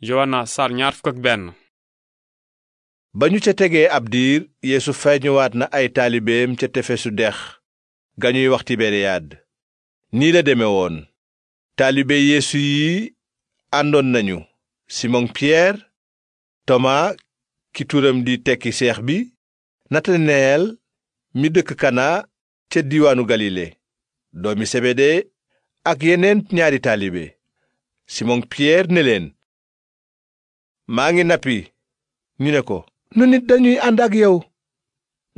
Yowaana sar ba ñu ca tegee ab diir yeesu feeñuwaat na ay taalibeem ca tefesu dex ga ñuy wax tiberiyaad nii la deme woon taalibe yeesu yi àndoon nañu simon piyeer tomaa ki turam di tekki seex bi nataneyel mi dëkk kana ca diwaanu galile doomi sebede ak yeneen ñaari taalibe simon piyeer ne maa ngi nappi ñu ne ko nu nit dañuy ànd ak yow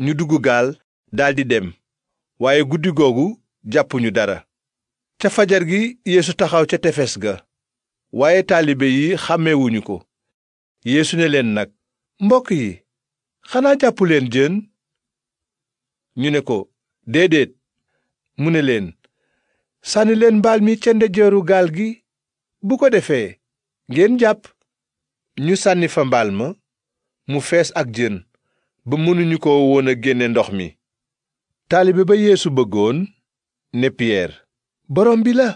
ñu dugg gaal daldi dem waaye guddi googu jàppuñu dara ca fajar gi yéesu taxaw ca tefes ga waaye taalibe yi xàmmewuñu ko yéesu ne leen nag mbokk yi xanaa jàppu leen jën ñu ne ko déedéet mu ne leen sànni leen mbaal mi ca ndeyjooru gaal gi bu ko defee ngeen jàpp ñu sànni fa mbaal ma mu fees ak jën ba mënuñu ko woon génne ndox mi taalibe ba yeesu bëggoon ne piyeer borom bi la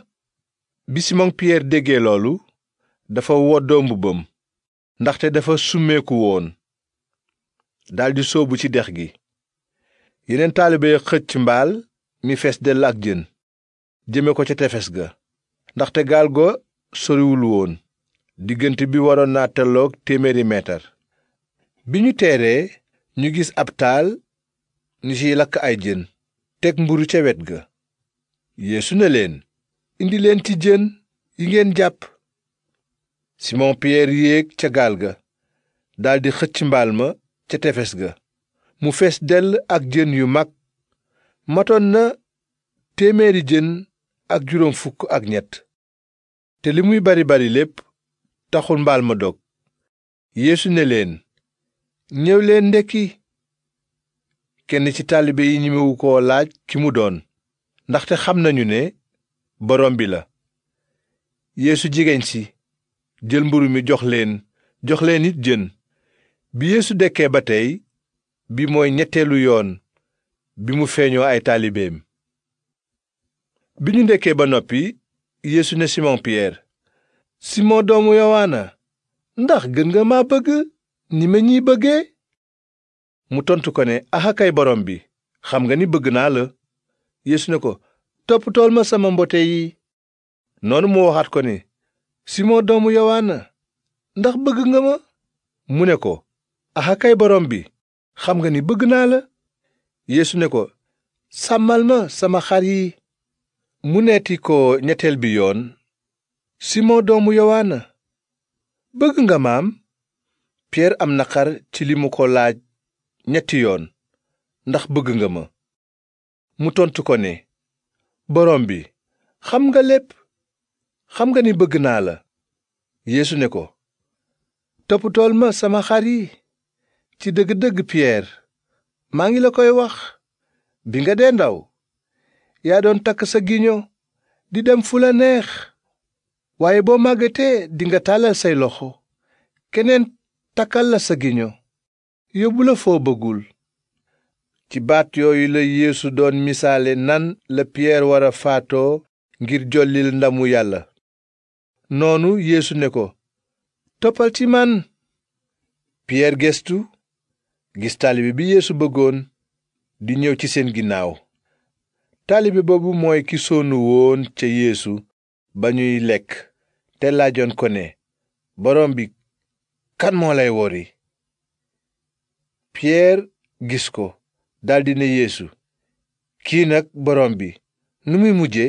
bi simon piyeer déggee loolu dafa woddoo mbubbam ndaxte dafa summeeku woon daldi sóobu ci dex gi yeneen taalibe ya xëcc mbaal mi fees dell ak jën jëme ko ca tefes ga ndaxte gaal ga soriwul woon diggante bi waroon naa tolloog téeméeri meetar bi ñu teeree ñu gis ab taal ñu ciy lakk ay jën teg mburu ca wet ga yeesu ne leen indi leen ci jën yi ngeen jàpp simon piyeer yéeg ca gaal ga daldi xëcc mbaal ma ca tefes ga mu fees dell ak jën yu mag matoon na téeméeri jën ak juróom fukk ak ñett te li muy bari bari lépp taxul mbaal ma dog yéesu ne leen ñëw leen ndekki kenn ci taalibe yi ñemewu koo laaj ki mu doon ndaxte xam nañu ne borom bi la yéesu jigéen si jël mburu mi jox leen jox leen it jën bi yeesu dekkee ba tey bi mooy ñetteelu yoon bi mu feeñoo ay taalibeem bi ñu ndekkee ba noppi yeesu ne simon pierre Simon doomu Yowaana ndax gën nga ma bëgg ni ma ñiy bëggee mu tontu ko ne axakay borom bi xam nga ni bëgg naa la yeesu ne ko toppatool ma sama mbote yi noonu mu waxaat ko ne Simon doomu Yowaana ndax bëgg nga ma mu ne ko axakay borom bi xam nga ni bëgg naa la yeesu ne ko sàmmal ma sama xar yi mu neeti ko ñetteel bi yoon simon doomu yowaana bëgg nga maam piyeer am naqar ci li mu ko laaj ñetti yoon ndax bëgg nga ma mu tontu ko ne borom bi xam nga lépp xam nga ni bëgg naa la yéesu ne ko tool ma sama xar yi ci dëgg-dëgg piyeer maa ngi la koy wax bi nga dee ndaw yaa doon takk sa giño di dem fu la neex waaye boo màggatee dinga tàllal say loxo keneen takkal la sa giño yóbbu la foo bëggul ci baat yooyu la yéesu doon misaale nan la piyeer war faatoo ngir jollil ndamu yàlla noonu yéesu ne ko toppal ci man piyeer gestu gis taalibe bi yeesu bëggoon di ñëw ci seen ginnaaw taalibe boobu mooy ki sonnu woon ca yeesu ba ñuy lekk te laajoon ko ne borom bi kan moo lay wori piyeer gis ko daldi ne yeesu kii nag borom bi nu muy mujje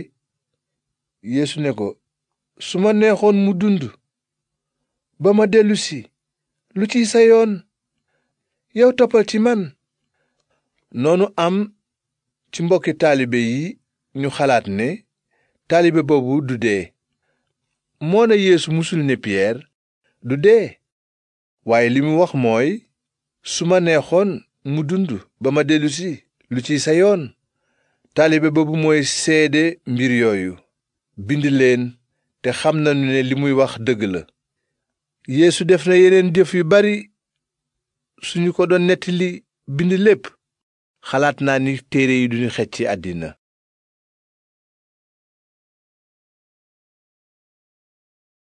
yéesu ne ko su ma neexoon mu dund ba ma dellusi lu ciy sa yoon yow toppal ci man noonu am ci mbokki taalibe yi ñu xalaat ne taalibe boobu du dee moona yéesu musul ne piyeer du dee waaye li mu wax mooy su ma neexoon mu dund ba ma dellusi lu ciy sa yoon taalibe boobu mooy seede mbir yooyu bind leen te xam nañu ne li muy wax dëgg la yéesu def na yeneen jëf yu bari suñu ko doon nettali bind lépp xalaat naa ni téere yi duñu xecc àddina